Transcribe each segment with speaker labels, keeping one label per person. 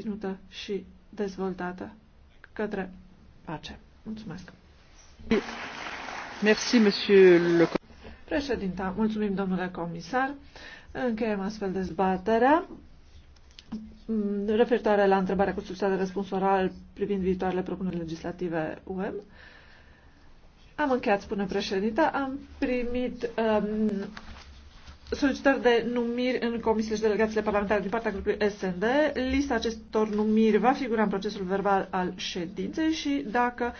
Speaker 1: ținută și dezvoltată către pace. Mulțumesc! Merci, monsieur le... Președinta, mulțumim, domnule comisar. Încheiem astfel dezbaterea mm, referitoare la întrebarea cu succes de răspuns oral privind viitoarele propuneri legislative UEM. Am încheiat, spune președinta, am primit um, solicitări de numiri în comisiile și delegațiile parlamentare din partea grupului SND. Lista acestor numiri va figura în procesul verbal al ședinței și dacă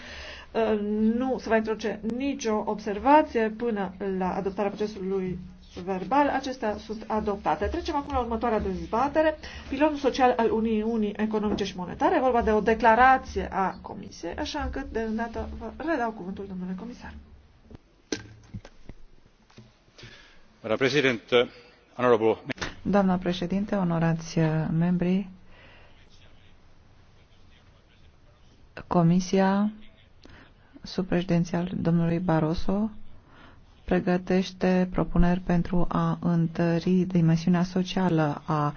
Speaker 1: uh, nu se va introduce nicio observație până la adoptarea procesului verbal, acestea sunt adoptate. Trecem acum la următoarea dezbatere. Pilonul social al Uniunii Economice și Monetare, vorba de o declarație a Comisiei, așa încât de îndată vă redau cuvântul, domnule comisar.
Speaker 2: doamnă președinte onorați uh, membri comisia sub președinția domnului barroso pregătește propuneri pentru a întări dimensiunea socială a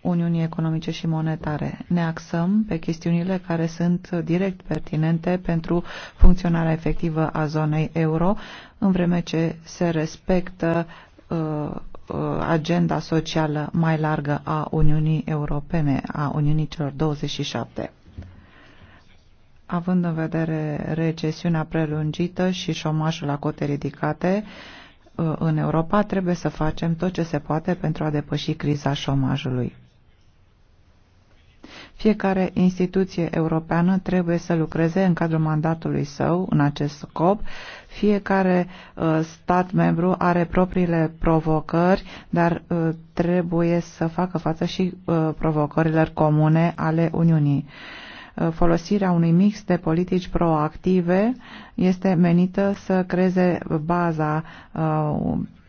Speaker 2: Uniunii Economice și Monetare. Ne axăm pe chestiunile care sunt direct pertinente pentru funcționarea efectivă a zonei euro, în vreme ce se respectă Uh, uh, agenda socială mai largă a Uniunii Europene, a Uniunii celor 27. Având în vedere recesiunea prelungită și șomajul la cote ridicate, uh, în Europa trebuie să facem tot ce se poate pentru a depăși criza șomajului. Fiecare instituție europeană trebuie să lucreze în cadrul mandatului său în acest scop. Fiecare uh, stat membru are propriile provocări, dar uh, trebuie să facă față și uh, provocărilor comune ale Uniunii folosirea unui mix de politici proactive este menită să creeze baza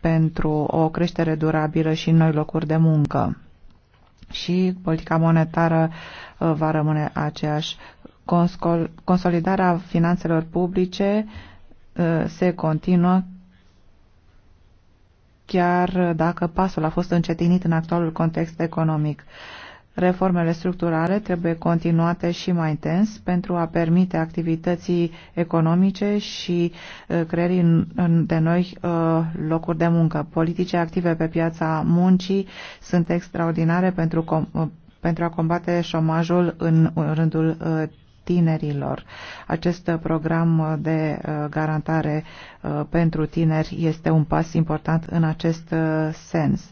Speaker 2: pentru o creștere durabilă și noi locuri de muncă și politica monetară uh, va rămâne aceeași. Consolidarea finanțelor publice uh, se continuă chiar dacă pasul a fost încetinit în actualul context economic. Reformele structurale trebuie continuate și mai intens pentru a permite activității economice și uh, creării de noi uh, locuri de muncă. Politice active pe piața muncii sunt extraordinare pentru, uh, pentru a combate șomajul în rândul tinerilor. Acest program de garantare pentru tineri este un pas important în acest sens.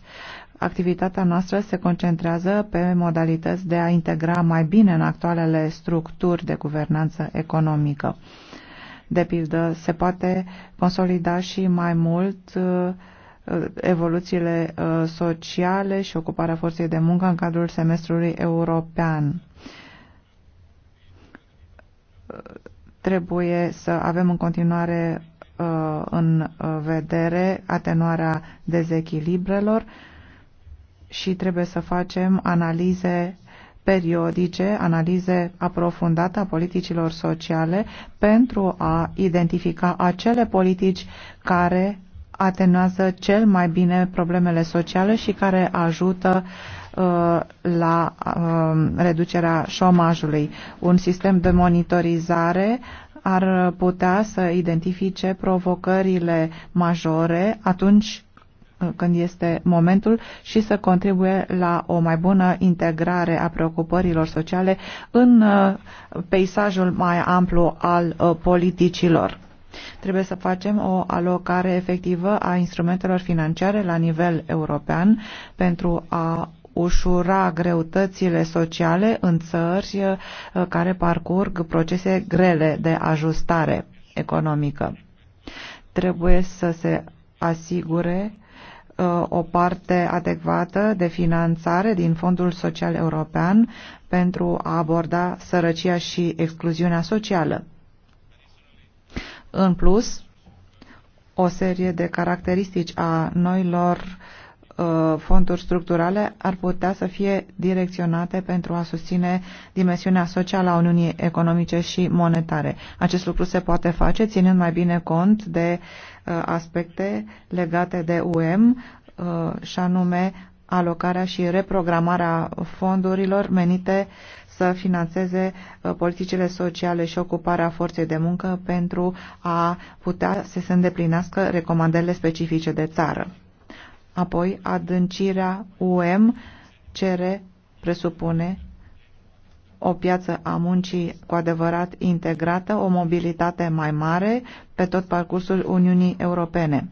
Speaker 2: Activitatea noastră se concentrează pe modalități de a integra mai bine în actualele structuri de guvernanță economică. De pildă, se poate consolida și mai mult uh, evoluțiile uh, sociale și ocuparea forței de muncă în cadrul semestrului european trebuie să avem în continuare uh, în vedere atenuarea dezechilibrelor și trebuie să facem analize periodice, analize aprofundate a politicilor sociale pentru a identifica acele politici care atenuează cel mai bine problemele sociale și care ajută uh, la uh, reducerea șomajului. Un sistem de monitorizare ar putea să identifice provocările majore atunci Uh, când este momentul și să contribuie la o mai bună integrare a preocupărilor sociale în uh, peisajul mai amplu al uh, politicilor. Trebuie să facem o alocare efectivă a instrumentelor financiare la nivel european pentru a ușura greutățile sociale în țări care parcurg procese grele de ajustare economică. Trebuie să se asigure o parte adecvată de finanțare din Fondul Social European pentru a aborda sărăcia și excluziunea socială. În plus, o serie de caracteristici a noilor Uh, fonduri structurale ar putea să fie direcționate pentru a susține dimensiunea socială a Uniunii Economice și Monetare. Acest lucru se poate face ținând mai bine cont de uh, aspecte legate de UM și anume alocarea și reprogramarea fondurilor menite să financeze politicile sociale și ocuparea forței de muncă pentru a putea să se îndeplinească recomandările specifice de țară. Apoi, adâncirea UM cere, presupune, o piață a muncii cu adevărat integrată, o mobilitate mai mare pe tot parcursul Uniunii Europene.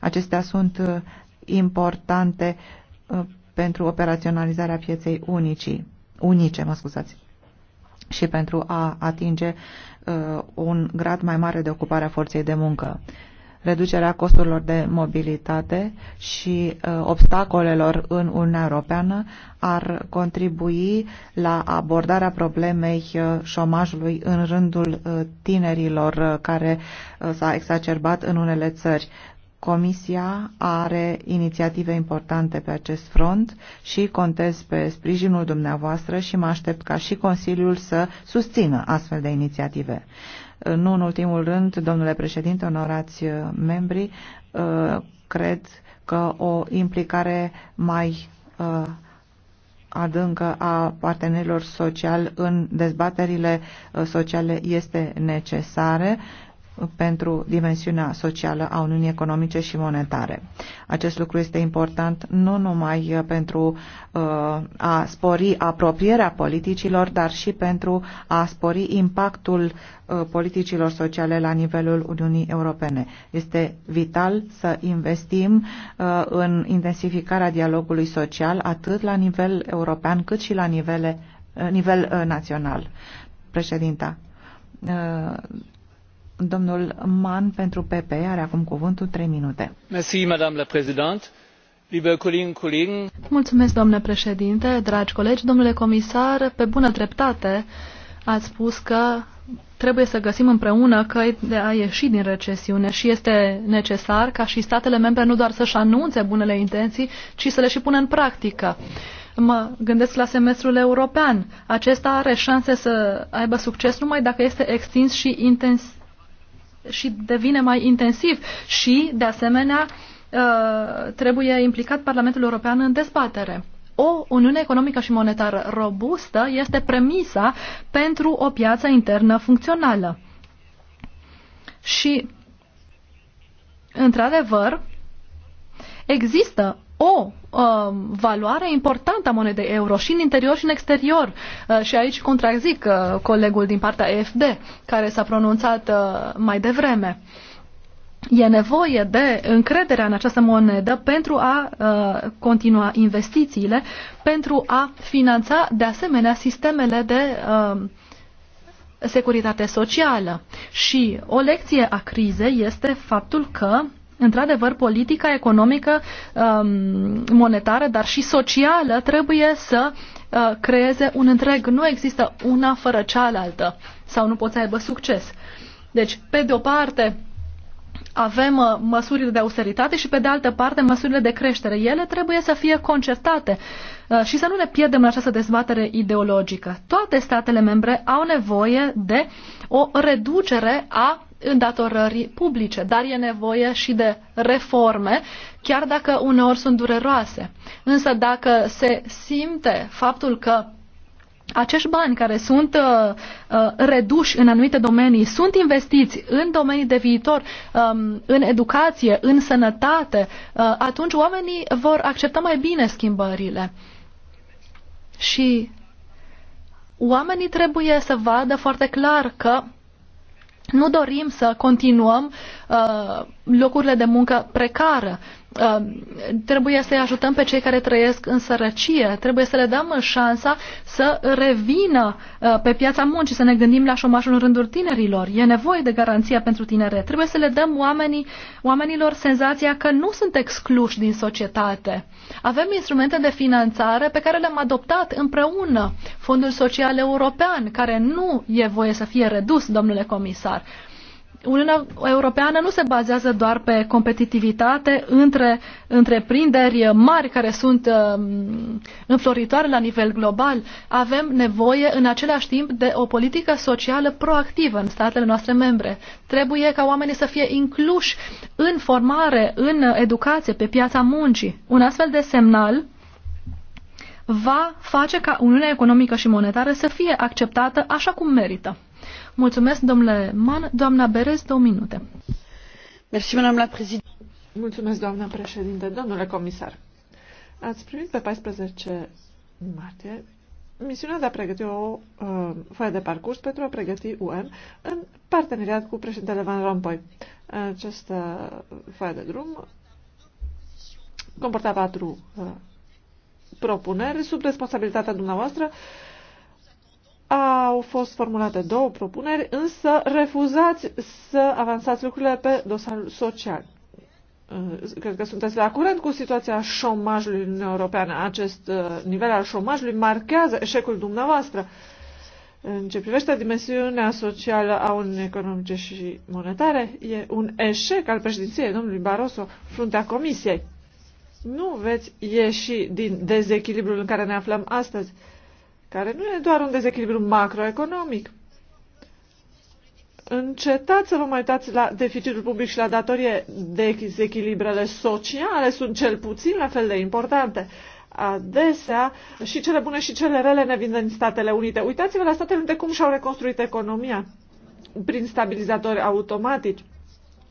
Speaker 2: Acestea sunt uh, importante uh, pentru operaționalizarea pieței unicii, unice, mă scuzați, și pentru a atinge uh, un grad mai mare de ocupare a forței de muncă reducerea costurilor de mobilitate și uh, obstacolelor în Uniunea Europeană ar contribui la abordarea problemei uh, șomajului în rândul uh, tinerilor care s-a exacerbat în unele țări. Comisia are inițiative importante pe acest front și contez pe sprijinul dumneavoastră și mă aștept ca și Consiliul să susțină astfel de inițiative. Nu în ultimul rând, domnule președinte, onorați uh, membri, uh, cred că o implicare mai uh, adâncă a partenerilor sociali în dezbaterile sociale este necesară pentru dimensiunea socială a Uniunii Economice și Monetare. Acest lucru este important nu numai pentru uh, a spori apropierea politicilor, dar și pentru a spori impactul uh, politicilor sociale la nivelul Uniunii Europene. Este vital să investim uh, în intensificarea dialogului social atât la nivel european cât și la nivele, nivel național. Președinta, Domnul
Speaker 3: Mann pentru PP are acum cuvântul 3 minute.
Speaker 4: Merci, madame la présidente.
Speaker 3: Mulțumesc, domnule președinte, dragi colegi, domnule comisar, pe bună dreptate ați spus că trebuie să găsim împreună căi de a ieși din recesiune și este necesar ca și statele membre nu doar să-și anunțe bunele intenții, ci să le și pună în practică. Mă gândesc la semestrul european. Acesta are șanse să aibă succes numai dacă este extins și intens, și devine mai intensiv și, de asemenea, uh, trebuie implicat Parlamentul European în dezbatere. O uniune economică și monetară robustă este premisa pentru o piață internă funcțională. Și, într-adevăr, există o um, valoare importantă a monedei euro și în interior și în exterior. Uh, și aici contrazic uh, colegul din partea EFD care s-a pronunțat uh, mai devreme. E nevoie de încrederea în această monedă pentru a uh, continua investițiile, pentru a finanța de asemenea sistemele de uh, securitate socială. Și o lecție a crizei este faptul că Într-adevăr, politica economică, um, monetară, dar și socială trebuie să uh, creeze un întreg. Nu există una fără cealaltă sau nu poți să aibă succes. Deci, pe de o parte, avem uh, măsurile de austeritate și, pe de altă parte, măsurile de creștere. Ele trebuie să fie concertate uh, și să nu ne pierdem în această dezbatere ideologică. Toate statele membre au nevoie de o reducere a îndatorării publice, dar e nevoie și de reforme, chiar dacă uneori sunt dureroase. Însă dacă se simte faptul că acești bani care sunt uh, uh, reduși în anumite domenii sunt investiți în domenii de viitor, um, în educație, în sănătate, uh, atunci oamenii vor accepta mai bine schimbările. Și oamenii trebuie să vadă foarte clar că nu dorim să continuăm uh, locurile de muncă precară. Um, trebuie să-i ajutăm pe cei care trăiesc în sărăcie, trebuie să le dăm șansa să revină uh, pe piața muncii, să ne gândim la șomajul în rândul tinerilor. E nevoie de garanția pentru tinere. Trebuie să le dăm oamenii, oamenilor senzația că nu sunt excluși din societate. Avem instrumente de finanțare pe care le-am adoptat împreună. Fondul Social European, care nu e voie să fie redus, domnule comisar. Uniunea Europeană nu se bazează doar pe competitivitate între întreprinderi mari care sunt um, înfloritoare la nivel global. Avem nevoie în același timp de o politică socială proactivă în statele noastre membre. Trebuie ca oamenii să fie incluși în formare, în educație, pe piața muncii. Un astfel de semnal va face ca Uniunea Economică și Monetară să fie acceptată așa cum merită. Mulțumesc, domnule Man. Doamna Berez, două minute. Mersi, la
Speaker 1: Mulțumesc, doamna președinte. Domnule comisar, ați primit pe 14 martie misiunea de a pregăti o uh, foaie de parcurs pentru a pregăti UN în parteneriat cu președintele Van Rompuy. Această foaie de drum comporta patru uh, propuneri sub responsabilitatea dumneavoastră uh, au fost formulate două propuneri, însă refuzați să avansați lucrurile pe dosarul social. Cred că sunteți la curent cu situația șomajului în Europeană. Acest uh, nivel al șomajului marchează eșecul dumneavoastră. În ce privește dimensiunea socială a Uniunii Economice și Monetare, e un eșec al președinției domnului Barroso fruntea Comisiei. Nu veți ieși din dezechilibrul în care ne aflăm astăzi care nu e doar un dezechilibru macroeconomic. Încetați să vă mai uitați la deficitul public și la datorie. Dezechilibrele sociale sunt cel puțin la fel de importante. Adesea, și cele bune și cele rele ne vin din Statele Unite. Uitați-vă la Statele Unite cum și-au reconstruit economia prin stabilizatori automatici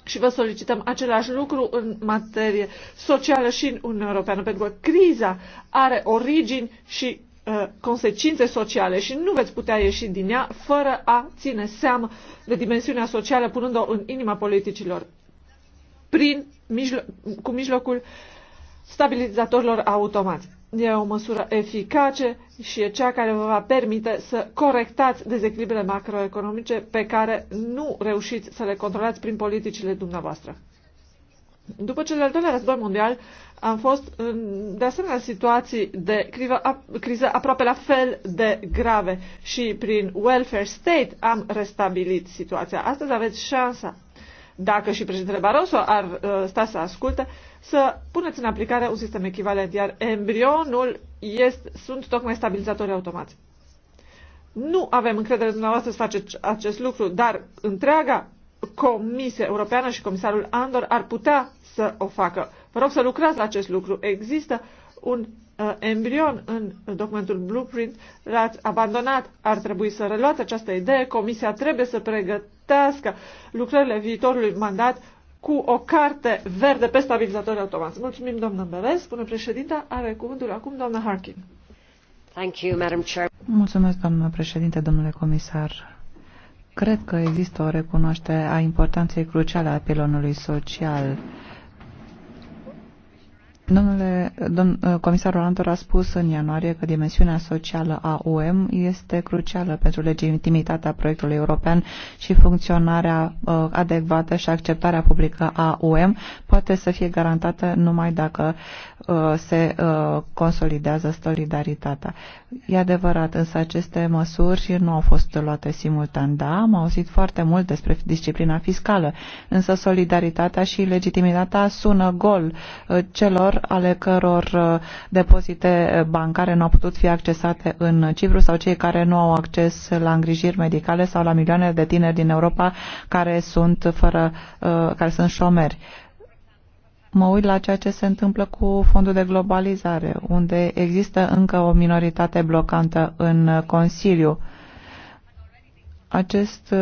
Speaker 1: și vă solicităm același lucru în materie socială și în Uniunea Europeană, pentru că criza are origini și Uh, consecințe sociale și nu veți putea ieși din ea fără a ține seama de dimensiunea socială, punând-o în inima politicilor, prin, mijlo- cu mijlocul stabilizatorilor automați. E o măsură eficace și e cea care vă va permite să corectați dezechilibrele macroeconomice pe care nu reușiți să le controlați prin politicile dumneavoastră. După cel de-al doilea război mondial, am fost de asemenea situații de criză aproape la fel de grave și prin welfare state am restabilit situația. Astăzi aveți șansa, dacă și președintele Barroso ar uh, sta să asculte, să puneți în aplicare un sistem echivalent, iar embrionul este, sunt tocmai stabilizatori automați. Nu avem încredere dumneavoastră să faceți acest lucru, dar întreaga Comisia Europeană și comisarul Andor ar putea să o facă. Vă rog să lucrați la acest lucru. Există un uh, embrion în documentul Blueprint, l-ați abandonat, ar trebui să reluați această idee, Comisia trebuie să pregătească lucrările viitorului mandat cu o carte verde pe stabilizatori automați. Mulțumim, doamnă Beres. până președinta, are cuvântul acum doamna Harkin. Thank you, Madam Chair.
Speaker 2: Mulțumesc, doamnă președinte, domnule comisar. Cred că există o recunoaștere a importanței cruciale a pilonului social Domnule domn, uh, comisarul Antor a spus în ianuarie că dimensiunea socială a UEM este crucială pentru legitimitatea proiectului european și funcționarea uh, adecvată și acceptarea publică a UEM poate să fie garantată numai dacă uh, se uh, consolidează solidaritatea. E adevărat, însă aceste măsuri nu au fost luate simultan. Da, am auzit foarte mult despre disciplina fiscală, însă solidaritatea și legitimitatea sună gol uh, celor ale căror uh, depozite bancare nu au putut fi accesate în Cipru sau cei care nu au acces la îngrijiri medicale sau la milioane de tineri din Europa care sunt, fără, uh, care sunt șomeri. Mă uit la ceea ce se întâmplă cu fondul de globalizare, unde există încă o minoritate blocantă în Consiliu acest uh,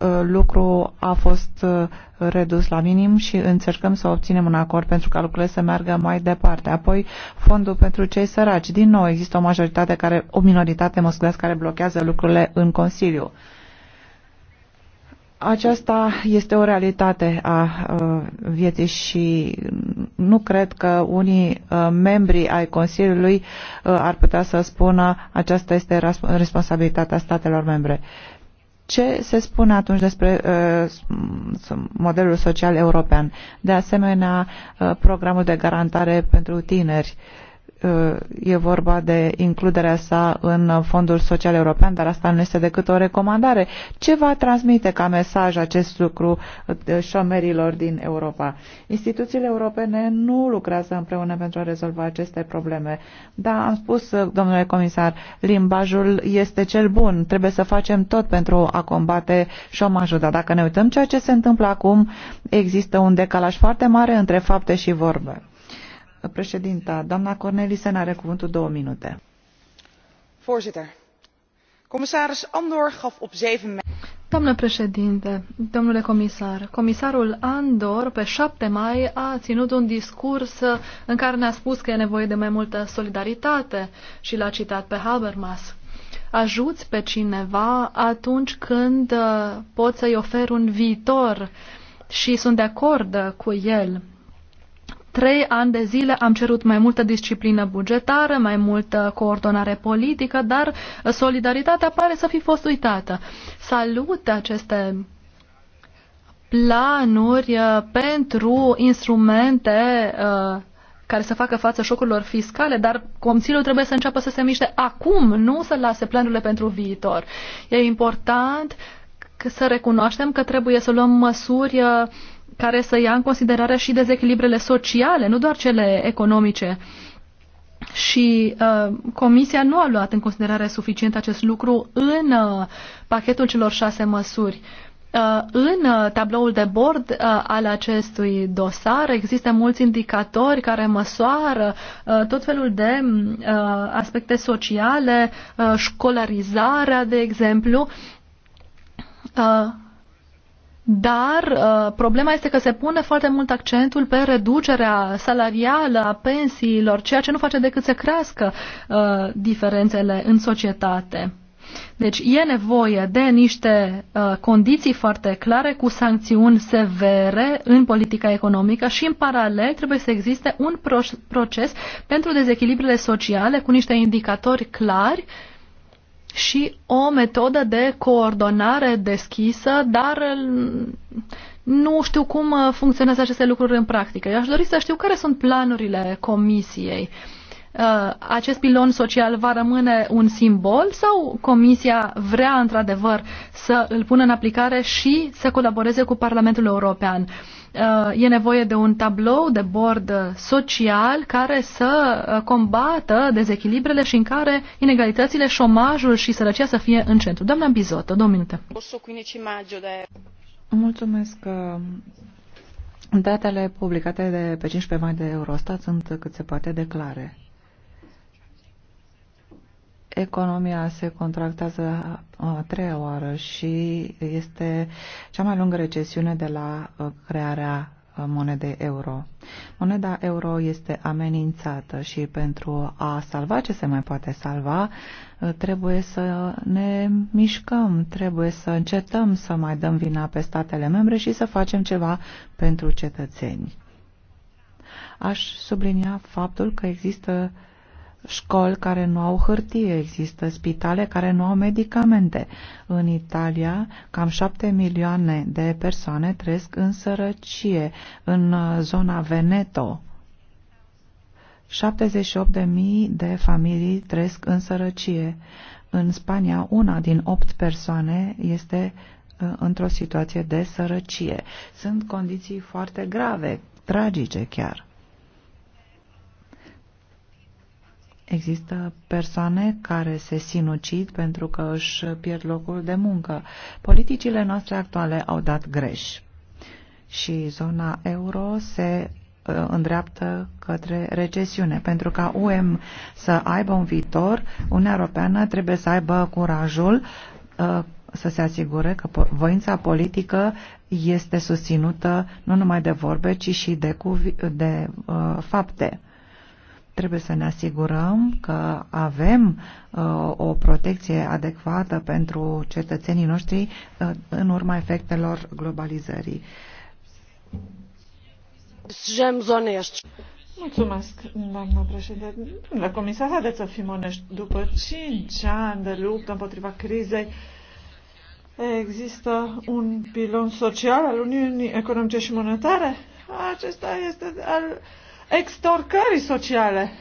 Speaker 2: uh, lucru a fost uh, redus la minim și încercăm să obținem un acord pentru ca lucrurile să meargă mai departe. Apoi, fondul pentru cei săraci. Din nou, există o majoritate care, o minoritate, mă care blochează lucrurile în Consiliu. Aceasta este o realitate a vieții și nu cred că unii membri ai Consiliului ar putea să spună aceasta este responsabilitatea statelor membre ce se spune atunci despre uh, modelul social european? De asemenea, uh, programul de garantare pentru tineri. Uh, e vorba de includerea sa în Fondul Social European, dar asta nu este decât o recomandare. Ce va transmite ca mesaj acest lucru uh, șomerilor din Europa? Instituțiile europene nu lucrează împreună pentru a rezolva aceste probleme. Da, am spus, uh, domnule comisar, limbajul este cel bun. Trebuie să facem tot pentru a combate șomajul. Dar dacă ne uităm ceea ce se întâmplă acum, există un decalaj foarte mare între fapte și vorbe Președinta, doamna Cornelissen are cuvântul două minute.
Speaker 1: Voorzitter,
Speaker 3: commissaris Andor gaf op 7 mei... Doamnă președinte, domnule comisar, comisarul Andor pe 7 mai a ținut un discurs în care ne-a spus că e nevoie de mai multă solidaritate și l-a citat pe Habermas. Ajuți pe cineva atunci când uh, poți să-i oferi un viitor și sunt de acord cu el trei ani de zile am cerut mai multă disciplină bugetară, mai multă coordonare politică, dar solidaritatea pare să fi fost uitată. Salut aceste planuri uh, pentru instrumente uh, care să facă față șocurilor fiscale, dar Consiliul trebuie să înceapă să se miște acum, nu să lase planurile pentru viitor. E important să recunoaștem că trebuie să luăm măsuri uh, care să ia în considerare și dezechilibrele sociale, nu doar cele economice. Și uh, Comisia nu a luat în considerare suficient acest lucru în uh, pachetul celor șase măsuri. Uh, în uh, tabloul de bord uh, al acestui dosar există mulți indicatori care măsoară uh, tot felul de uh, aspecte sociale, uh, școlarizarea, de exemplu, dar uh, problema este că se pune foarte mult accentul pe reducerea salarială a pensiilor, ceea ce nu face decât să crească uh, diferențele în societate. Deci e nevoie de niște uh, condiții foarte clare cu sancțiuni severe în politica economică și în paralel trebuie să existe un proces pentru dezechilibrele sociale cu niște indicatori clari uh, și o metodă de coordonare deschisă, dar uh, nu știu cum uh, funcționează aceste lucruri în practică. Eu aș dori să știu care sunt planurile comisiei. Uh, acest pilon social va rămâne un simbol sau comisia vrea într-adevăr să îl pună în aplicare și să colaboreze cu Parlamentul European? Uh, e nevoie de un tablou de bord social care să uh, combată dezechilibrele și în care inegalitățile, șomajul și sărăcia să fie în centru. Doamna Bizotă, două minute. Mulțumesc. Uh,
Speaker 2: datele publicate de pe 15 mai de Eurostat sunt cât se poate declare. Economia se contractează a treia oară și este cea mai lungă recesiune de la uh, crearea uh, monedei euro. Moneda euro este amenințată și pentru a salva ce se mai poate salva, uh, trebuie să ne mișcăm, trebuie să încetăm să mai dăm vina pe statele membre și să facem ceva pentru cetățeni. Aș sublinia faptul că există școli care nu au hârtie, există spitale care nu au medicamente. În Italia, cam șapte milioane de persoane trăiesc în sărăcie, în zona Veneto. 78.000 de familii trăiesc în sărăcie. În Spania, una din opt persoane este ă, într-o situație de sărăcie. Sunt condiții foarte grave, tragice chiar. Există persoane care se sinucid pentru că își pierd locul de muncă. Politicile noastre actuale au dat greș și zona euro se uh, îndreaptă către recesiune. Pentru ca UM să aibă un viitor, Uniunea Europeană trebuie să aibă curajul uh, să se asigure că voința politică este susținută nu numai de vorbe, ci și de, de uh, fapte Trebuie să ne asigurăm că avem uh, o protecție adecvată pentru cetățenii noștri uh, în urma efectelor globalizării.
Speaker 1: Mulțumesc, doamna președinte. Domnule comisar, haideți să fim onești. După 5 ani de luptă împotriva crizei, există un pilon social al Uniunii Economice și Monetare? Acesta este al extorcării sociale.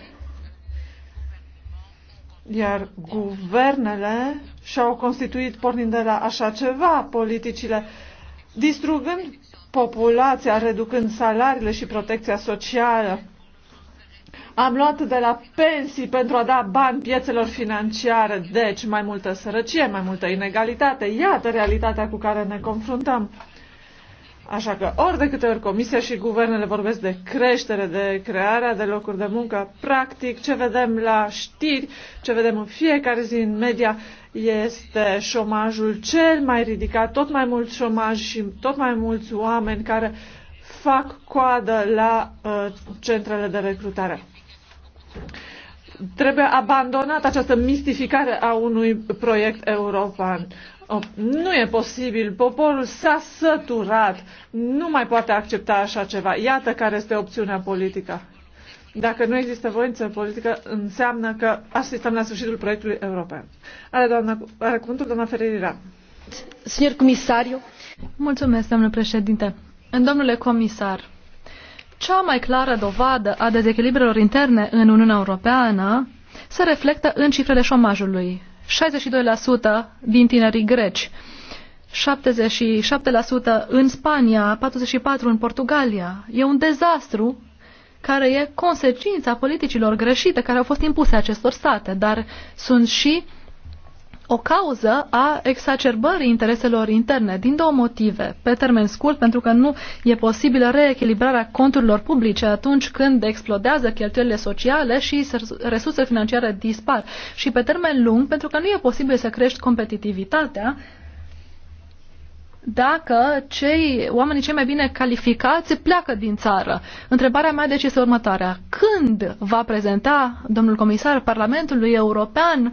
Speaker 1: Iar guvernele și-au constituit, pornind de la așa ceva, politicile, distrugând populația, reducând salariile și protecția socială. Am luat de la pensii pentru a da bani piețelor financiare, deci mai multă sărăcie, mai multă inegalitate. Iată realitatea cu care ne confruntăm. Așa că ori de câte ori Comisia și guvernele vorbesc de creștere, de crearea de locuri de muncă, practic ce vedem la știri, ce vedem în fiecare zi în media, este șomajul cel mai ridicat, tot mai mult șomaj și tot mai mulți oameni care fac coadă la uh, centrele de recrutare. Trebuie abandonat această mistificare a unui proiect european. Oh, nu e posibil. Poporul s-a săturat. Nu mai poate accepta așa ceva. Iată care este opțiunea politică. Dacă nu există voință politică, înseamnă că asistăm la sfârșitul proiectului european. Are, doamna, are cuvântul doamna Ferreira.
Speaker 3: Signor comisariu. Mulțumesc, domnule președinte. Domnule comisar, cea mai clară dovadă a dezechilibrelor interne în Uniunea Europeană se reflectă în cifrele șomajului. 62% din tinerii greci, 77% în Spania, 44% în Portugalia. E un dezastru care e consecința politicilor greșite care au fost impuse acestor state, dar sunt și uh, o cauză a exacerbării intereselor interne din două motive. Pe termen scurt, pentru că nu e posibilă reechilibrarea conturilor publice atunci când explodează cheltuielile sociale și resurse financiare dispar. Și pe termen lung, pentru că nu e posibil să crești competitivitatea dacă cei, oamenii cei mai bine calificați pleacă din țară. Întrebarea mea deci este următoarea. Când va prezenta domnul comisar Parlamentului European uh,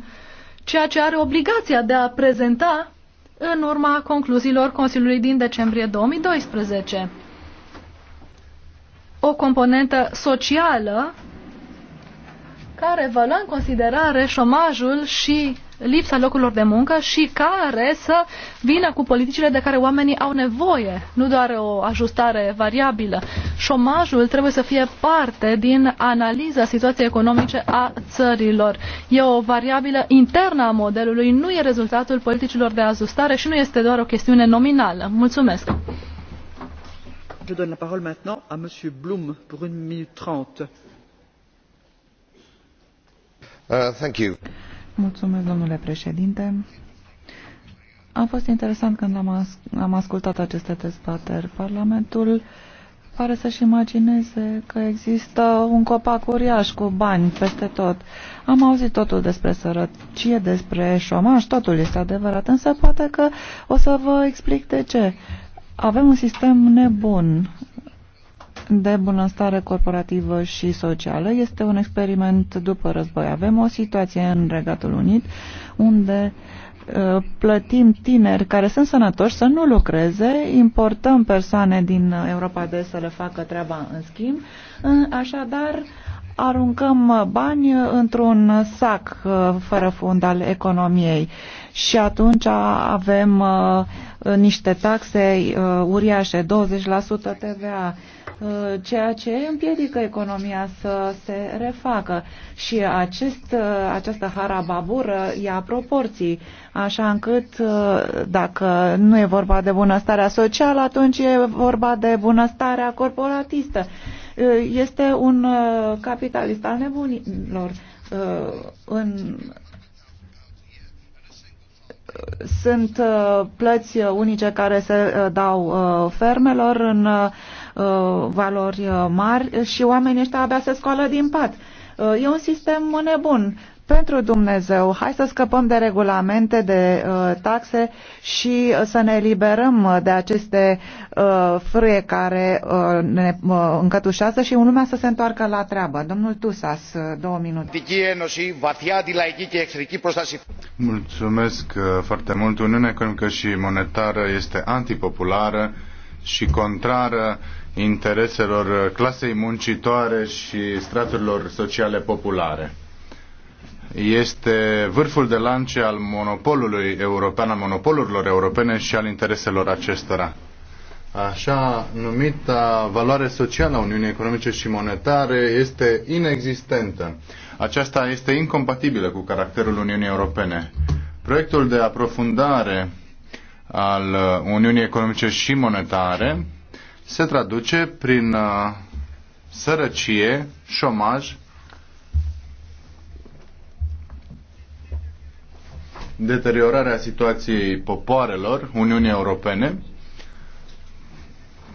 Speaker 3: ceea ce are obligația de a prezenta în urma concluziilor Consiliului din decembrie 2012. O componentă socială care va lua în considerare șomajul și lipsa locurilor de muncă și care să vină cu politicile de care oamenii au nevoie, nu doar o ajustare variabilă. Șomajul trebuie să fie parte din analiza situației economice a țărilor. E o variabilă internă a modelului, nu e rezultatul politicilor de ajustare și nu este doar o chestiune nominală. Mulțumesc!
Speaker 1: Je donne la parole maintenant à Monsieur Blum pour une minute trente.
Speaker 4: Uh, thank you.
Speaker 2: Mulțumesc, domnule președinte. A fost interesant când am, as am ascultat aceste dezbateri. Parlamentul pare să-și imagineze că există un copac uriaș cu bani peste tot. Am auzit totul despre sărăcie, despre șomaș, totul este adevărat, însă poate că o să vă explic de ce. Avem un sistem nebun de bunăstare corporativă și socială. Este un experiment după război. Avem o situație în Regatul Unit unde uh, plătim tineri care sunt sănătoși să nu lucreze, importăm persoane din Europa de să le facă treaba în schimb. Uh, așadar, aruncăm bani într-un sac uh, fără fund al economiei și atunci avem uh, niște taxe uh, uriașe, 20% TVA, ceea ce împiedică economia să se refacă. Și acest, această harababură ia proporții, așa încât dacă nu e vorba de bunăstarea socială, atunci e vorba de bunăstarea corporatistă Eh, este un eh, capitalist al nebunilor. Eh, în sunt plăți unice care se dau fermelor în valori mari și oamenii ăștia abia se scoală din pat. E un sistem nebun. Pentru Dumnezeu, hai să scăpăm de regulamente, de uh, taxe și uh, să ne eliberăm uh, de aceste uh, frâie care uh, ne uh, încătușează și lumea să se întoarcă la treabă. Domnul Tusas, uh, două minute.
Speaker 5: Mulțumesc foarte mult. Uniunea economică și monetară este antipopulară și contrară intereselor clasei muncitoare și straturilor sociale populare este vârful de lance al monopolului european, al monopolurilor europene și al intereselor acestora. Așa numita valoare socială a Uniunii Economice și Monetare este inexistentă. Aceasta este incompatibilă cu caracterul Uniunii Europene. Proiectul de aprofundare al Uniunii Economice și Monetare se traduce prin uh, sărăcie, șomaj, deteriorarea situației popoarelor Uniunii Europene.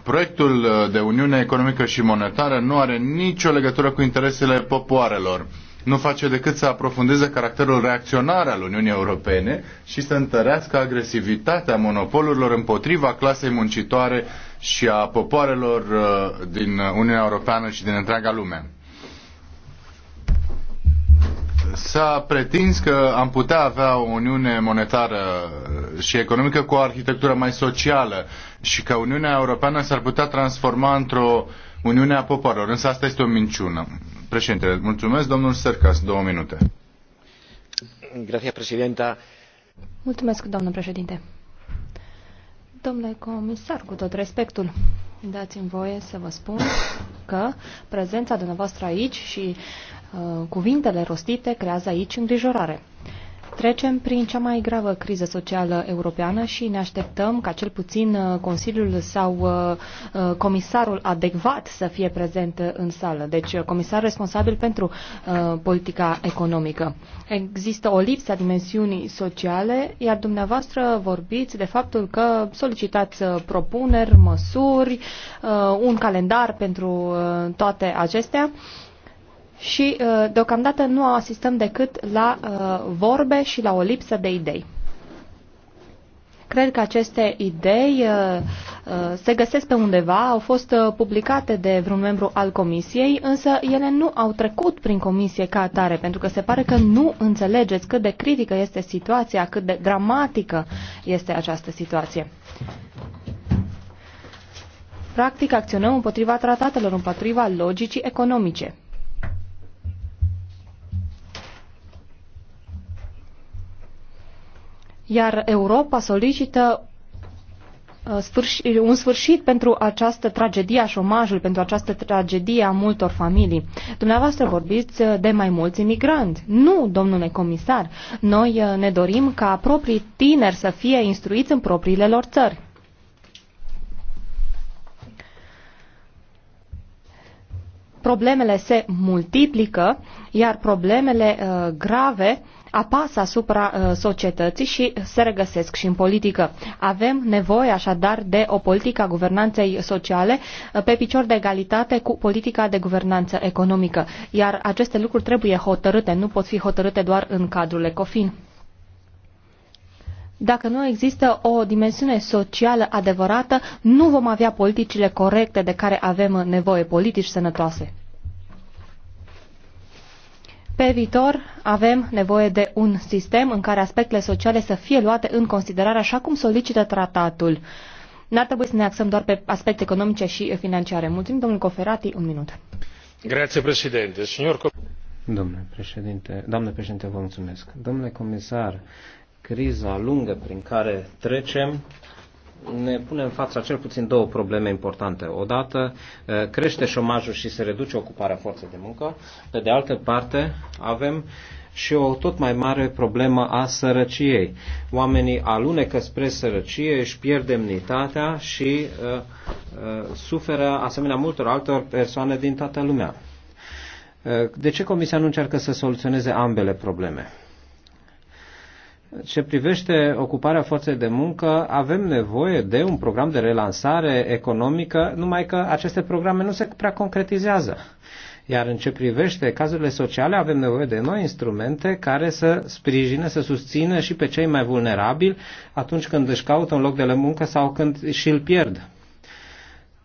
Speaker 5: Proiectul uh, de Uniune Economică și Monetară nu are nicio legătură cu interesele popoarelor. Nu face decât să aprofundeze caracterul reacționar al Uniunii Europene și să întărească agresivitatea monopolurilor împotriva clasei muncitoare și a popoarelor uh, din Uniunea Europeană și din întreaga lume. S-a pretins că am putea avea o uniune monetară și economică cu o arhitectură mai socială și că Uniunea Europeană s-ar putea transforma într-o uniune a poporilor, Însă asta este o minciună. Președintele, mulțumesc. Domnul Sercas, două minute.
Speaker 4: Grazie, președinta. Mulțumesc,
Speaker 6: domnul președinte. Domnule comisar, cu tot respectul, Dați-mi voie să vă spun că prezența dumneavoastră aici și uh, cuvintele rostite creează aici îngrijorare. Trecem prin cea mai gravă criză socială europeană și ne așteptăm ca cel puțin uh, Consiliul sau uh, uh, comisarul adecvat să fie prezent în sală, deci comisar responsabil pentru politica economică. Există o lipsă a dimensiunii sociale, iar dumneavoastră vorbiți de faptul că solicitați propuneri, măsuri, un calendar pentru toate acestea și uh, deocamdată nu asistăm decât la uh, vorbe și la o lipsă de idei. Cred că aceste idei uh, se găsesc pe undeva, au fost publicate de vreun membru al comisiei, însă ele nu au trecut prin comisie ca atare, pentru că se pare că nu înțelegeți cât de critică este situația, cât de dramatică este această situație. Practic acționăm împotriva tratatelor, împotriva logicii economice. iar Europa solicită uh, un sfârșit pentru această tragedie a șomajului, pentru această tragedie a multor familii. Dumneavoastră vorbiți uh, de mai mulți imigranți. Nu, domnule comisar, noi uh, ne dorim ca proprii tineri să fie instruiți în propriile lor țări. Problemele se multiplică, iar problemele uh, grave uh, apasă asupra uh, societății și se regăsesc și în politică. Avem nevoie așadar de o politică a guvernanței sociale uh, pe picior de egalitate cu politica de guvernanță economică, iar aceste lucruri trebuie hotărâte, nu pot fi hotărâte doar în cadrul ECOFIN. Dacă nu există o dimensiune socială adevărată, nu vom avea politicile corecte de care avem nevoie, politici sănătoase. Pe viitor avem nevoie de un sistem în care aspectele sociale să fie luate în considerare așa cum solicită tratatul. N-ar trebui să ne axăm doar pe aspecte economice și financiare. Mulțumim, domnul Coferati, un minut.
Speaker 4: Grație, președinte. Signor... Domnule președinte, doamne președinte, vă mulțumesc. Domnule comisar, criza lungă prin care trecem ne pune în fața cel puțin două probleme importante. Odată eh, crește șomajul și se reduce ocuparea forței de muncă, pe de altă parte avem și o tot mai mare problemă a sărăciei. Oamenii alunecă spre sărăcie, își pierd demnitatea și uh, uh, suferă asemenea multor altor persoane din toată lumea. Uh, de ce Comisia nu încearcă să soluționeze ambele probleme? ce privește ocuparea forței de muncă, avem nevoie de un program de relansare economică, numai că aceste programe nu se prea concretizează. Iar în ce privește cazurile sociale, avem nevoie de noi instrumente care să sprijine, să susțină și pe cei mai vulnerabili atunci când își caută un loc de muncă sau când și îl pierd.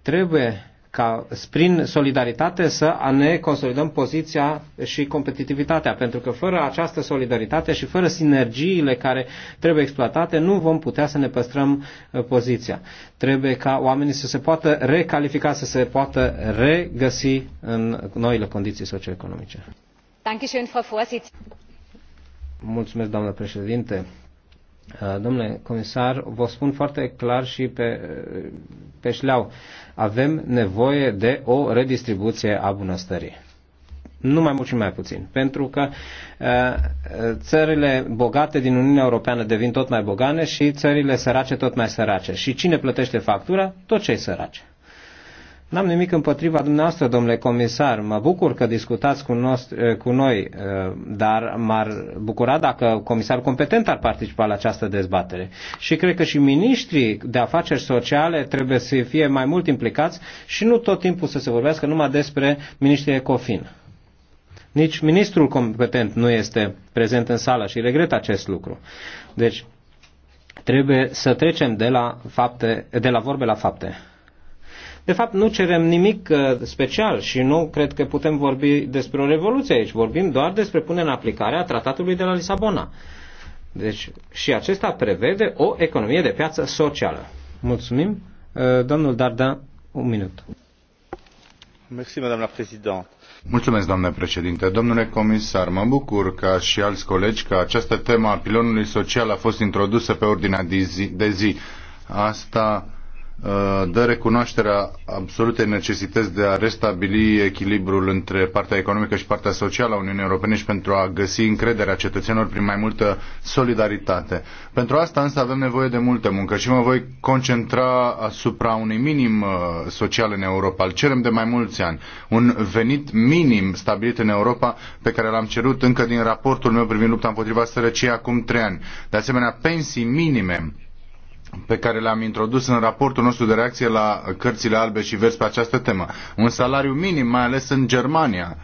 Speaker 4: Trebuie ca prin solidaritate să ne consolidăm poziția și competitivitatea, pentru că fără această solidaritate și fără sinergiile care trebuie exploatate, nu vom putea să ne păstrăm uh, poziția. Trebuie ca oamenii să se poată recalifica, să se poată regăsi în noile condiții socioeconomice. Mulțumesc, doamnă președinte. Uh, domnule comisar, vă spun foarte clar și pe, pe șleau. Avem nevoie de o redistribuție a bunăstării. Nu mai mult și mai puțin. Pentru că uh, țările bogate din Uniunea Europeană devin tot mai bogane și țările sărace tot mai sărace. Și cine plătește factura? Tot cei sărace. N-am nimic împotriva dumneavoastră, domnule comisar. Mă bucur că discutați cu, nostru, eh, cu noi, eh, dar m-ar bucura dacă comisar competent ar participa la această dezbatere. Și cred că și miniștrii de afaceri sociale trebuie să fie mai mult implicați și nu tot timpul să se vorbească numai despre miniștrii Ecofin. Nici ministrul competent nu este prezent în sală și regret acest lucru. Deci, trebuie să trecem de la, fapte, de la vorbe la fapte. De fapt, nu cerem nimic uh, special și nu cred că putem vorbi despre o revoluție aici. Vorbim doar despre punerea în aplicare a tratatului de la Lisabona. Deci, și acesta prevede o economie de piață socială. Mulțumim. Uh, domnul Darda, un minut.
Speaker 6: Mersi, doamna președinte.
Speaker 5: Mulțumesc, doamne președinte. Domnule comisar, mă bucur ca și alți colegi că această temă a pilonului social a fost introdusă pe ordinea De zi. Asta Uh, dă recunoașterea absolutei necesități de a restabili echilibrul între partea economică și partea socială a Uniunii Europene și pentru a găsi încrederea cetățenilor prin mai multă solidaritate. Pentru asta însă avem nevoie de multă muncă și mă voi concentra asupra unui minim uh, social în Europa. Îl cerem de mai mulți ani. Un venit minim stabilit în Europa pe care l-am cerut încă din raportul meu privind lupta împotriva sărăciei acum trei ani. De asemenea, pensii minime pe care le-am introdus în raportul nostru de reacție la cărțile albe și verzi pe această temă. Un salariu minim, mai ales în Germania,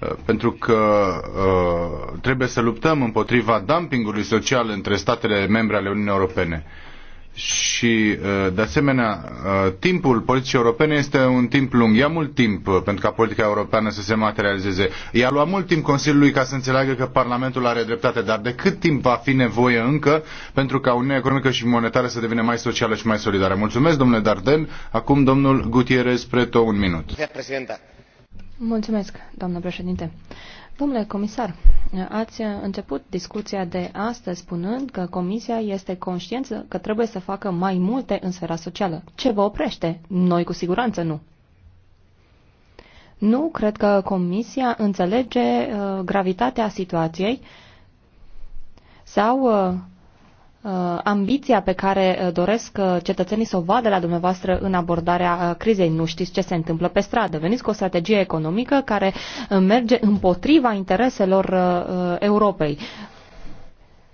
Speaker 5: uh, pentru că uh, trebuie să luptăm împotriva dumpingului social între statele membre ale Uniunii Europene. Uh, și, uh, de asemenea, uh, timpul politicii europene este un timp lung. Ia mult timp uh, pentru ca politica europeană să se materializeze. Ia luat mult timp Consiliului ca să înțeleagă că Parlamentul are dreptate, dar de cât timp va fi nevoie încă pentru ca Uniunea Economică și Monetară să devină mai socială și mai solidară? Mulțumesc, domnule Darden. Acum, domnul Gutierrez Preto, un minut.
Speaker 6: Mulțumesc, doamnă președinte. Domnule comisar, ați început discuția de astăzi spunând că Comisia este conștientă că trebuie să facă mai multe în sfera socială. Ce vă oprește? Noi cu siguranță nu. Nu cred că Comisia înțelege uh, gravitatea situației sau uh, Uh, ambiția pe care uh, doresc uh, cetățenii să o vadă la dumneavoastră în abordarea crizei. Nu știți ce se întâmplă pe stradă. Veniți cu o strategie economică care merge împotriva intereselor Europei.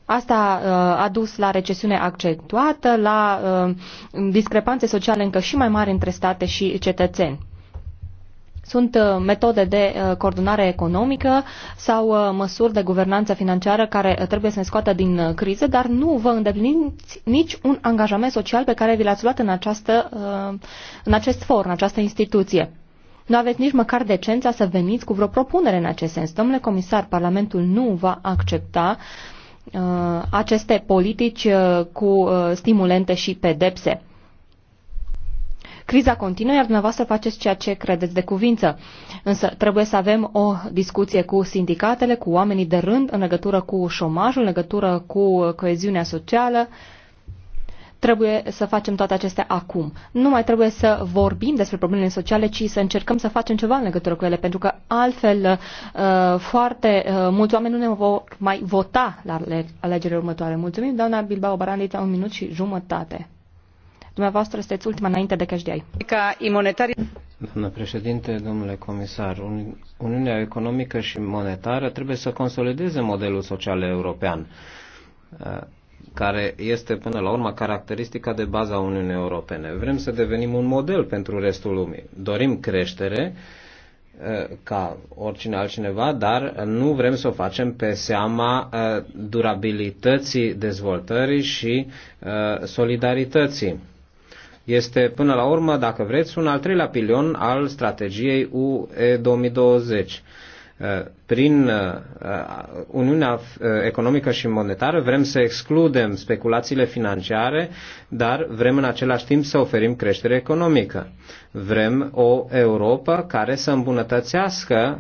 Speaker 6: Asta a dus la recesiune accentuată, la discrepanțe sociale încă și mai mari între state și cetățeni. Sunt uh, metode de uh, coordonare economică sau uh, măsuri de guvernanță financiară care trebuie să ne scoată din criză, dar nu vă îndepliniți nici un angajament social pe care vi l-ați luat în, această, în acest for, în această instituție. Nu aveți nici măcar decența să veniți cu vreo propunere în acest sens. Domnule comisar, Parlamentul nu va accepta uh, aceste politici uh, cu uh, stimulente și pedepse. Criza continuă, iar dumneavoastră faceți ceea ce credeți de cuvință. Însă trebuie să avem o discuție cu sindicatele, cu oamenii de rând, în legătură cu șomajul, în legătură cu coeziunea socială trebuie să facem toate acestea acum. Nu mai trebuie să vorbim despre problemele sociale, ci să încercăm să facem ceva în legătură cu ele, pentru că altfel uh, foarte uh, mulți oameni nu ne vor mai vota la alegerile următoare. Mulțumim, doamna Bilbao Barandita, un minut și jumătate. Dumneavoastră sunteți ultima înainte de Cășdeai. Ca imunitari...
Speaker 4: Doamnă președinte, domnule comisar, Uniunea Economică și Monetară trebuie să consolideze modelul social european, uh, care este până la urmă caracteristica de bază a Uniunii Europene. Vrem să devenim un model pentru restul lumii. Dorim creștere, uh, ca oricine altcineva, dar nu vrem să o facem pe seama uh, durabilității dezvoltării și solidarității este până la urmă, dacă vreți, un al treilea pilion al strategiei UE 2020. Uh, prin uh, uh, Uniunea Economică și Monetară vrem să excludem speculațiile financiare, dar vrem în același timp să oferim creștere economică. Vrem o Europa care să îmbunătățească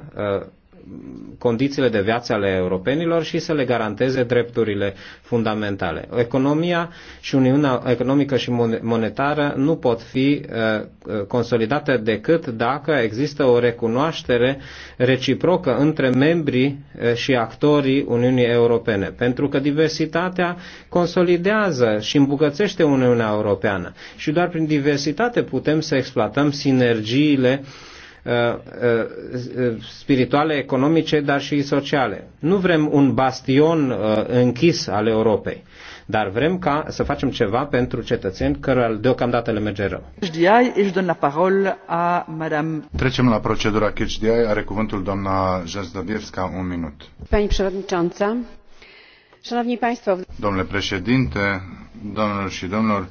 Speaker 4: condițiile de viață ale europenilor și să le garanteze drepturile fundamentale. Economia și Uniunea Economică și Monetară nu pot fi uh, uh, consolidate decât dacă există o recunoaștere reciprocă între membrii uh, și actorii Uniunii Europene, pentru că diversitatea consolidează și îmbugățește Uniunea Europeană și doar prin diversitate putem să exploatăm sinergiile uh, Uh, uh, uh, spirituale, economice, dar și sociale. Nu vrem un bastion închis al Europei, dar vrem ca să facem ceva pentru cetățeni care deocamdată le merge rău. Trecem la procedura CHDI. Are cuvântul doamna Jazdobievska, un minut.
Speaker 5: Domnule președinte, domnilor și domnilor,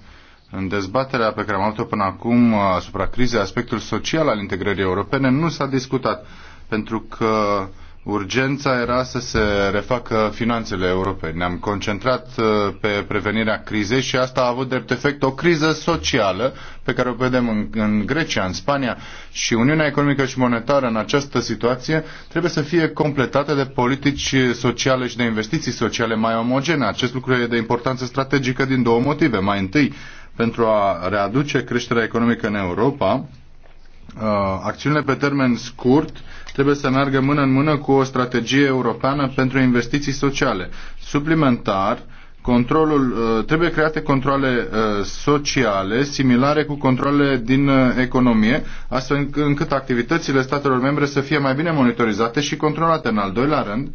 Speaker 5: în dezbaterea pe care am avut-o până acum uh, asupra crizei, aspectul social al integrării europene nu s-a discutat, pentru că urgența era să se refacă finanțele europene. Ne-am concentrat uh, pe prevenirea crizei și asta a avut drept efect o criză socială pe care o vedem în, în Grecia, în Spania și Uniunea Economică și Monetară în această situație trebuie să fie completată de politici sociale și de investiții sociale mai omogene. Acest lucru e de importanță strategică din două motive. Mai întâi, pentru a readuce creșterea economică în Europa, uh, acțiunile pe termen scurt trebuie să meargă mână în mână cu o strategie europeană pentru investiții sociale. Suplimentar, controlul, uh, trebuie create controle uh, sociale similare cu controlele din economie, astfel încât activitățile statelor membre să fie mai bine monitorizate și controlate. În al doilea rând,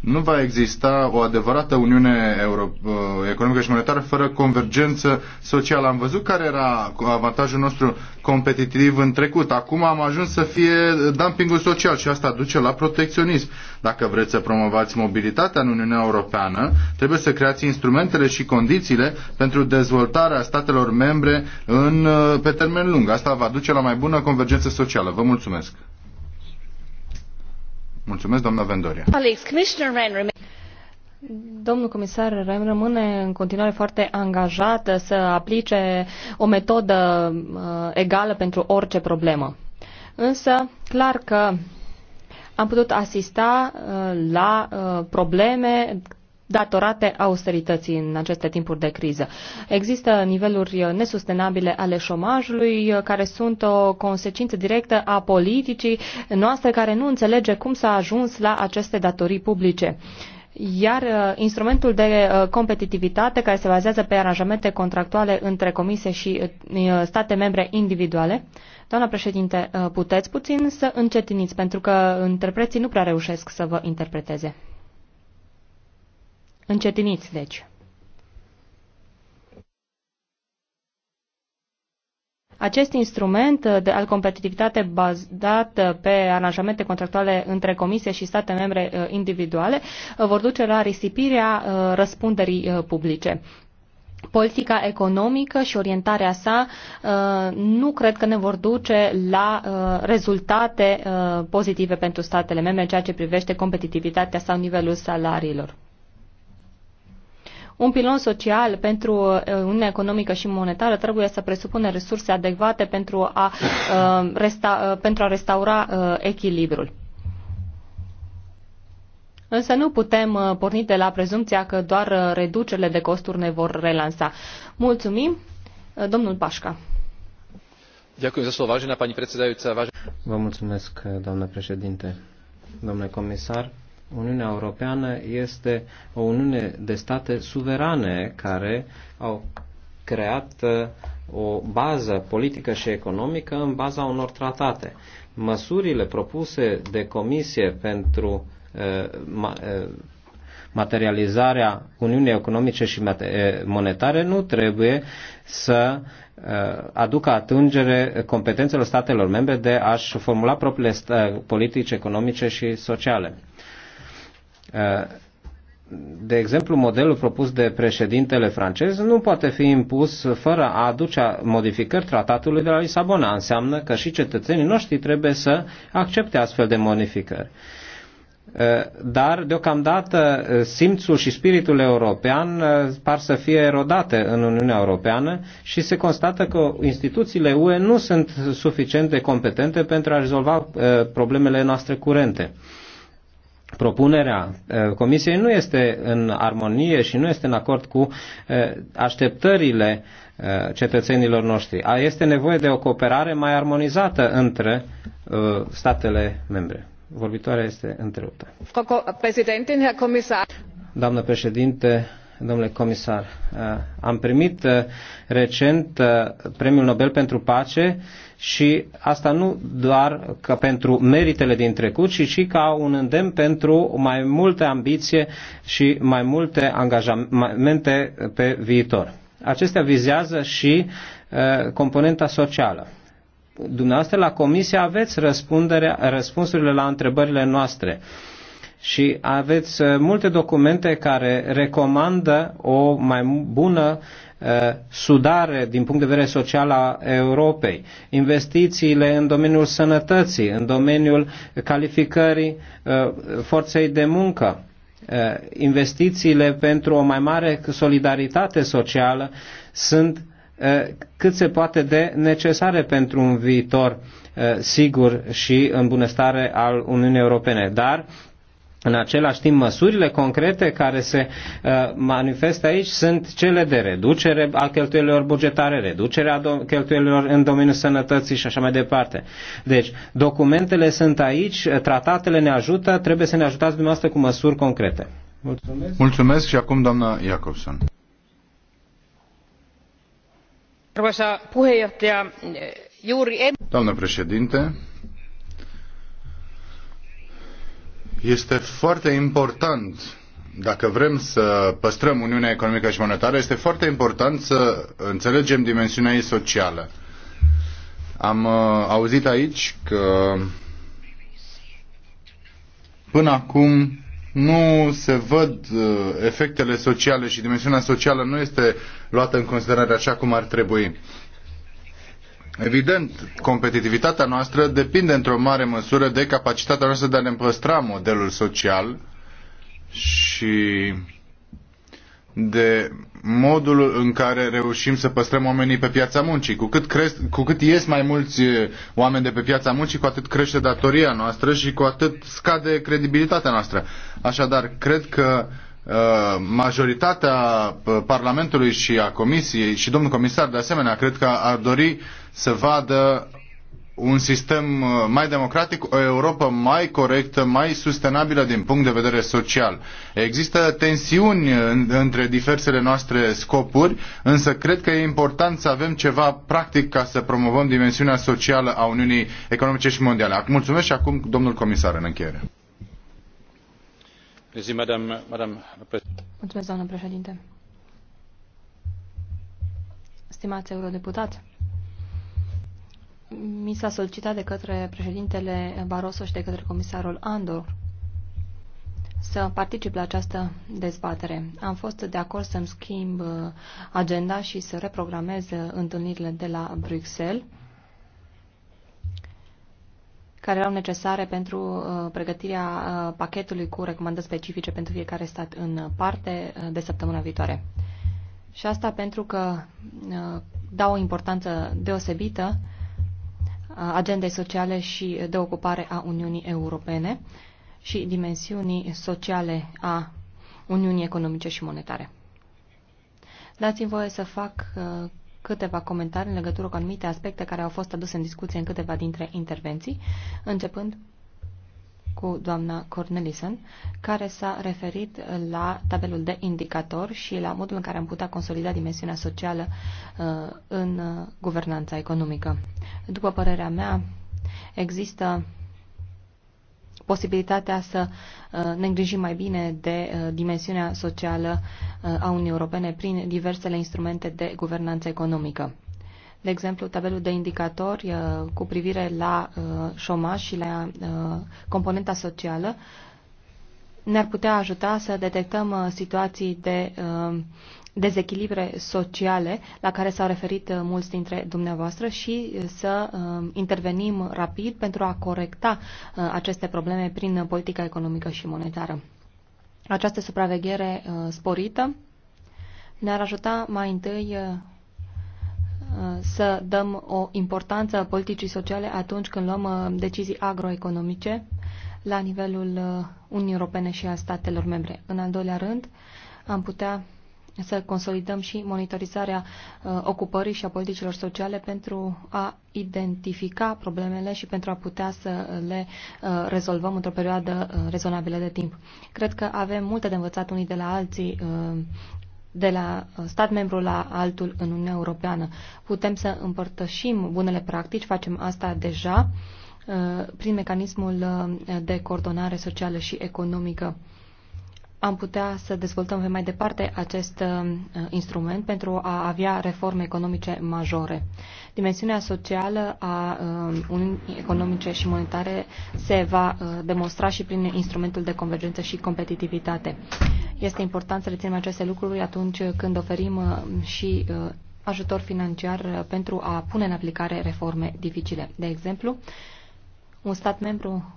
Speaker 5: nu va exista o adevărată Uniune Euro- uh, Economică și Monetară fără convergență socială. Am văzut care era avantajul nostru competitiv în trecut. Acum am ajuns să fie dumpingul social și asta duce la protecționism. Dacă vreți să promovați mobilitatea în Uniunea Europeană, trebuie să creați instrumentele și condițiile pentru dezvoltarea statelor membre în, uh, pe termen lung. Asta va duce la mai bună convergență socială. Vă mulțumesc! Mulțumesc,
Speaker 4: Alex,
Speaker 6: Domnul comisar Rem rămâne în continuare foarte angajat să aplice o metodă uh, egală pentru orice problemă. Însă, clar că am putut asista uh, la uh, probleme datorate austerității în aceste timpuri de criză. Există niveluri nesustenabile ale șomajului, care sunt o consecință directă a politicii noastre care nu înțelege cum s-a ajuns la aceste datorii publice iar uh, instrumentul de uh, competitivitate care se bazează pe aranjamente contractuale între comise și uh, state membre individuale. Doamna președinte, puteți puțin să încetiniți, pentru că interpreții nu prea reușesc să vă interpreteze. Încetiniți, deci. Acest instrument uh, de, al competitivitate bazat uh, pe aranjamente contractuale între comisie și state membre uh, individuale vor duce la risipirea răspunderii publice. Politica economică și orientarea sa nu cred că ne vor duce la rezultate pozitive pentru statele membre în ceea ce privește competitivitatea sau nivelul salariilor. Un pilon social pentru uh, Uniunea Economică și Monetară trebuie să presupune resurse adecvate pentru a, uh, resta, uh, pentru a restaura echilibrul. Însă nu putem porni de la prezumția că doar reducerile de costuri ne vor relansa. Mulțumim, domnul Pașca.
Speaker 4: Vă mulțumesc, doamnă președinte, domnule comisar. Uniunea Europeană este o uniune de state suverane care au creat uh, o bază politică și economică în baza unor tratate. Măsurile propuse de Comisie pentru uh, uh, materializarea Uniunii Economice și Monetare nu trebuie să aducă atingere competențelor statelor membre de a-și formula propriile politici economice și sociale de exemplu, modelul propus de președintele francez nu poate fi impus fără a aduce modificări tratatului de la Lisabona. Înseamnă că și cetățenii noștri trebuie să accepte astfel de modificări. Dar, deocamdată, simțul și spiritul european uh, par să fie erodate în Uniunea Europeană și se constată că instituțiile UE nu sunt suficient de competente pentru a rezolva uh, problemele noastre curente propunerea eh, Comisiei nu este în armonie și nu este în acord cu eh, așteptările eh, cetățenilor noștri. Este nevoie de o cooperare mai armonizată între statele membre. Vorbitoarea este întreruptă. Doamnă președinte, domnule comisar. Uh, am primit uh, recent uh, Premiul Nobel pentru Pace și asta nu doar că pentru meritele din trecut, ci și ca un îndemn pentru mai multe ambiție și mai multe angajamente pe viitor. Acestea vizează și componenta socială dumneavoastră la comisie aveți răspunderea, răspunsurile la întrebările noastre și aveți uh, multe documente care recomandă o mai bună uh, sudare din punct de vedere social a Europei, investițiile în domeniul sănătății, în domeniul calificării uh, forței de muncă, investițiile pentru o mai mare solidaritate socială sunt cât se poate de necesare pentru un viitor sigur și în bunăstare al Uniunii Europene. Dar în același timp, măsurile concrete care se uh, manifestă aici sunt cele de reducere a cheltuielilor bugetare, reducerea cheltuielilor în domeniul sănătății și așa mai departe. Deci, documentele sunt aici, tratatele ne ajută, trebuie să ne ajutați dumneavoastră cu măsuri concrete. Mulțumesc.
Speaker 5: Mulțumesc și acum
Speaker 4: doamna Jacobson.
Speaker 5: Doamnă președinte, Este foarte important, dacă vrem să păstrăm Uniunea Economică și Monetară, este foarte important să înțelegem dimensiunea ei socială. Am uh, auzit aici că până acum nu se văd uh, efectele sociale și dimensiunea socială nu este luată în considerare așa cum ar trebui. Evident, competitivitatea noastră depinde într-o mare măsură de capacitatea noastră de a ne păstra modelul social și de modul în care reușim să păstrăm oamenii pe piața muncii. Cu cât, cresc, cu cât ies mai mulți eh, oameni de pe piața muncii, cu atât crește datoria noastră și cu atât scade credibilitatea noastră. Așadar, cred că uh, Uh, majoritatea uh, Parlamentului și a Comisiei și domnul comisar de asemenea cred că ar dori să vadă un sistem uh, mai democratic, o Europa mai corectă, mai sustenabilă din punct de vedere social. Există tensiuni între diversele noastre scopuri, însă cred că e important să avem ceva practic ca să promovăm dimensiunea socială a Uniunii Economice și Mondiale. Mulțumesc și acum domnul comisar în încheiere doamnă
Speaker 6: președinte stimați eurodeputați mi s a solicitat de către președintele barroso și de către comisarul andor să particip la această dezbatere. Am fost de acord să-mi schimb agenda și să reprogramez întâlnirile de la Bruxelles care erau necesare pentru uh, pregătirea uh, pachetului cu recomandări specifice pentru fiecare stat în parte uh, de săptămâna viitoare. Și asta pentru că dau o importanță deosebită agendei sociale și de ocupare a Uniunii Europene și dimensiunii sociale a Uniunii Economice și Monetare. Dați-mi voie să fac câteva comentarii în legătură cu anumite aspecte care au fost aduse în discuție în câteva dintre intervenții, începând cu doamna Cornelison, care s-a referit la tabelul de indicator și la modul în care am putea consolida dimensiunea socială uh, în uh, guvernanța economică. După părerea mea, există posibilitatea să uh, ne îngrijim mai bine de uh, dimensiunea socială uh, a Uniunii Europene prin diversele instrumente de guvernanță economică. De exemplu, tabelul de indicatori cu privire la șomaș și la componenta socială ne-ar putea ajuta să detectăm situații de dezechilibre sociale la care s-au referit uh, mulți dintre dumneavoastră și uh, să uh, intervenim rapid pentru a corecta aceste probleme prin politica economică și monetară. Această supraveghere sporită ne-ar ajuta mai întâi să dăm o importanță politicii sociale atunci când luăm decizii agroeconomice la nivelul Uniunii Europene și a statelor membre. În al doilea rând, am putea să consolidăm și monitorizarea uh, ocupării și a politicilor sociale pentru a identifica problemele și pentru a putea să le uh, rezolvăm într-o perioadă uh, rezonabilă de timp. Cred că avem multe de învățat unii de la alții de la stat membru la altul în Uniunea Europeană. Putem să împărtășim bunele practici, facem asta deja prin mecanismul de coordonare socială și economică am putea să dezvoltăm pe mai departe acest uh, instrument pentru a avea reforme economice majore. Dimensiunea socială a uh, Uniunii Economice și Monetare se va uh, demonstra și prin instrumentul de convergență și competitivitate. Este important să reținem aceste lucruri atunci când oferim și ajutor financiar pentru a pune în aplicare reforme dificile. De exemplu, un stat membru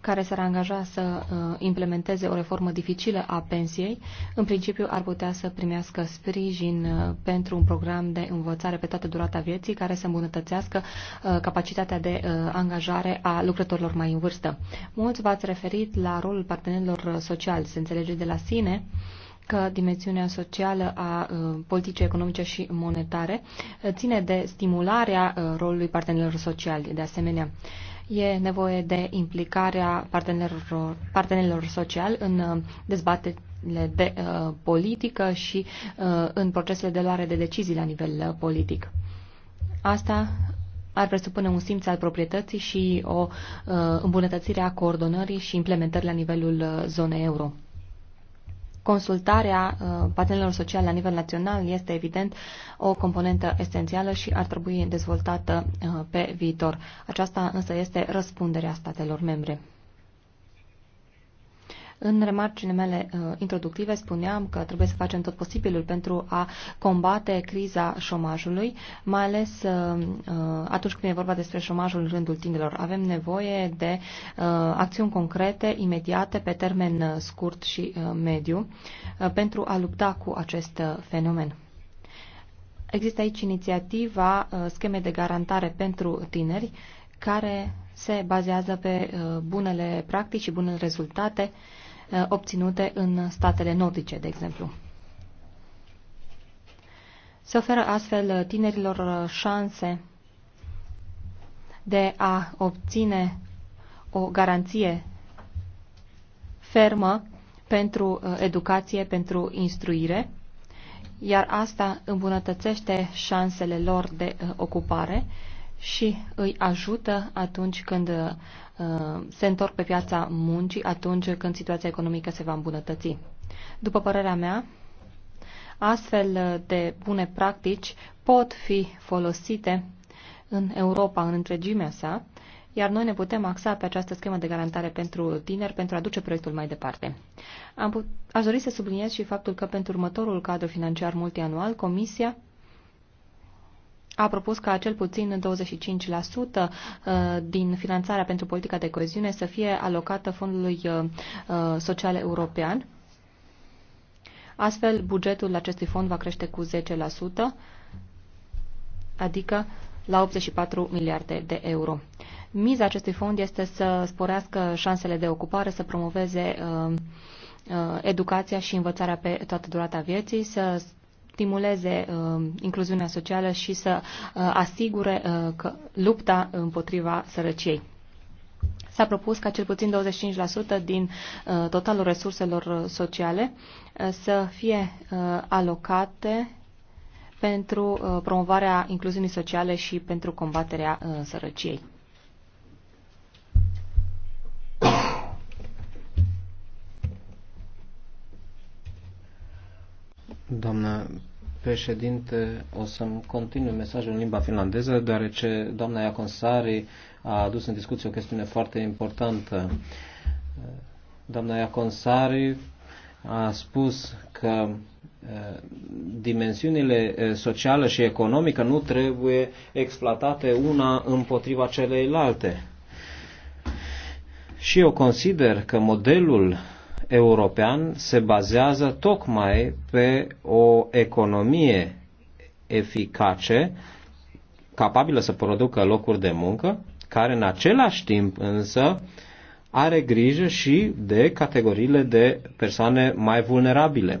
Speaker 6: care s-ar angaja să uh, implementeze o reformă dificilă a pensiei, în principiu ar putea să primească sprijin uh, pentru un program de învățare pe toată durata vieții care să îmbunătățească uh, capacitatea de angajare a lucrătorilor mai în vârstă. Mulți v-ați referit la rolul partenerilor sociali, se înțelege de la sine că dimensiunea socială a politicii economice și monetare ține de stimularea rolului partenerilor sociali. De asemenea, E nevoie de implicarea partenerilor, partenerilor sociali în uh, dezbaterile de uh, politică și uh, în procesele de luare de decizii la nivel uh, politic. Asta ar presupune un simț al proprietății și o uh, îmbunătățire a coordonării și implementării la nivelul uh, zonei euro consultarea uh, partenerilor sociale la nivel național este evident o componentă esențială și ar trebui dezvoltată uh, pe viitor. Aceasta însă este răspunderea statelor membre. În remarcile mele uh, introductive spuneam că trebuie să facem tot posibilul pentru a combate criza șomajului, mai ales uh, uh atunci când e vorba despre șomajul în rândul tinerilor. Avem nevoie de uh, acțiuni concrete, imediate, pe termen uh, scurt și uh, mediu, uh, pentru a lupta cu acest uh, fenomen. Există aici inițiativa uh, scheme de garantare pentru tineri care se bazează pe bunele practici și bunele rezultate Eh, obținute în statele nordice, de exemplu. Se oferă astfel tinerilor eh, șanse de a obține o garanție fermă pentru eh, educație, pentru instruire, iar asta îmbunătățește șansele lor de ocupare și îi ajută atunci când uh, se întorc pe piața muncii, atunci când situația economică se va îmbunătăți. După părerea mea, astfel de bune practici pot fi folosite în Europa în întregimea sa, iar noi ne putem axa pe această schemă de garantare pentru tineri pentru a duce proiectul mai departe. Am put- aș dori să subliniez și faptul că pentru următorul cadru financiar multianual, Comisia a propus ca cel puțin 25% uh, din finanțarea pentru politica de coeziune să fie alocată Fondului uh, uh, Social European. Astfel, bugetul acestui fond va crește cu 10%, adică la 84 miliarde de euro. Miza acestui fond este să sporească șansele de ocupare, să promoveze educația și învățarea pe toată durata vieții, să stimuleze uh, incluziunea socială și să uh, asigure uh, că lupta împotriva sărăciei. S-a propus ca cel puțin 25% din totalul resurselor sociale să fie alocate pentru promovarea incluziunii sociale și pentru combaterea sărăciei.
Speaker 4: Doamnă președinte, o să-mi continui mesajul în limba finlandeză, deoarece doamna Iaconsari a adus în discuție o chestiune foarte importantă. Doamna Iaconsari a spus că dimensiunile socială și economică nu trebuie exploatate una împotriva celeilalte. Și eu consider că modelul european se bazează tocmai pe o economie eficace, capabilă să producă locuri de muncă, care în același timp însă are grijă și de categoriile de persoane mai vulnerabile,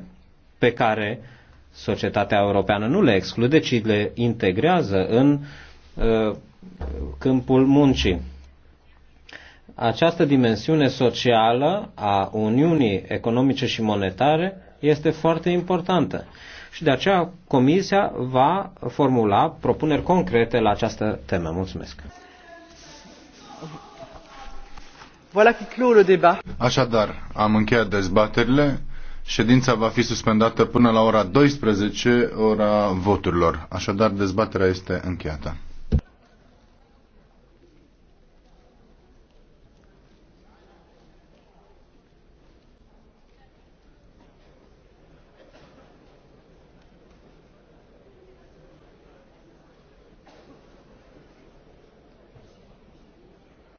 Speaker 4: pe care societatea europeană nu le exclude, ci le integrează în uh, câmpul muncii această dimensiune socială a Uniunii Economice și Monetare este foarte importantă. Și de aceea Comisia va formula propuneri concrete la această temă. Mulțumesc! le Așadar, am încheiat dezbaterile.
Speaker 5: Ședința va fi suspendată până la ora 12, ora voturilor. Așadar, dezbaterea este încheiată.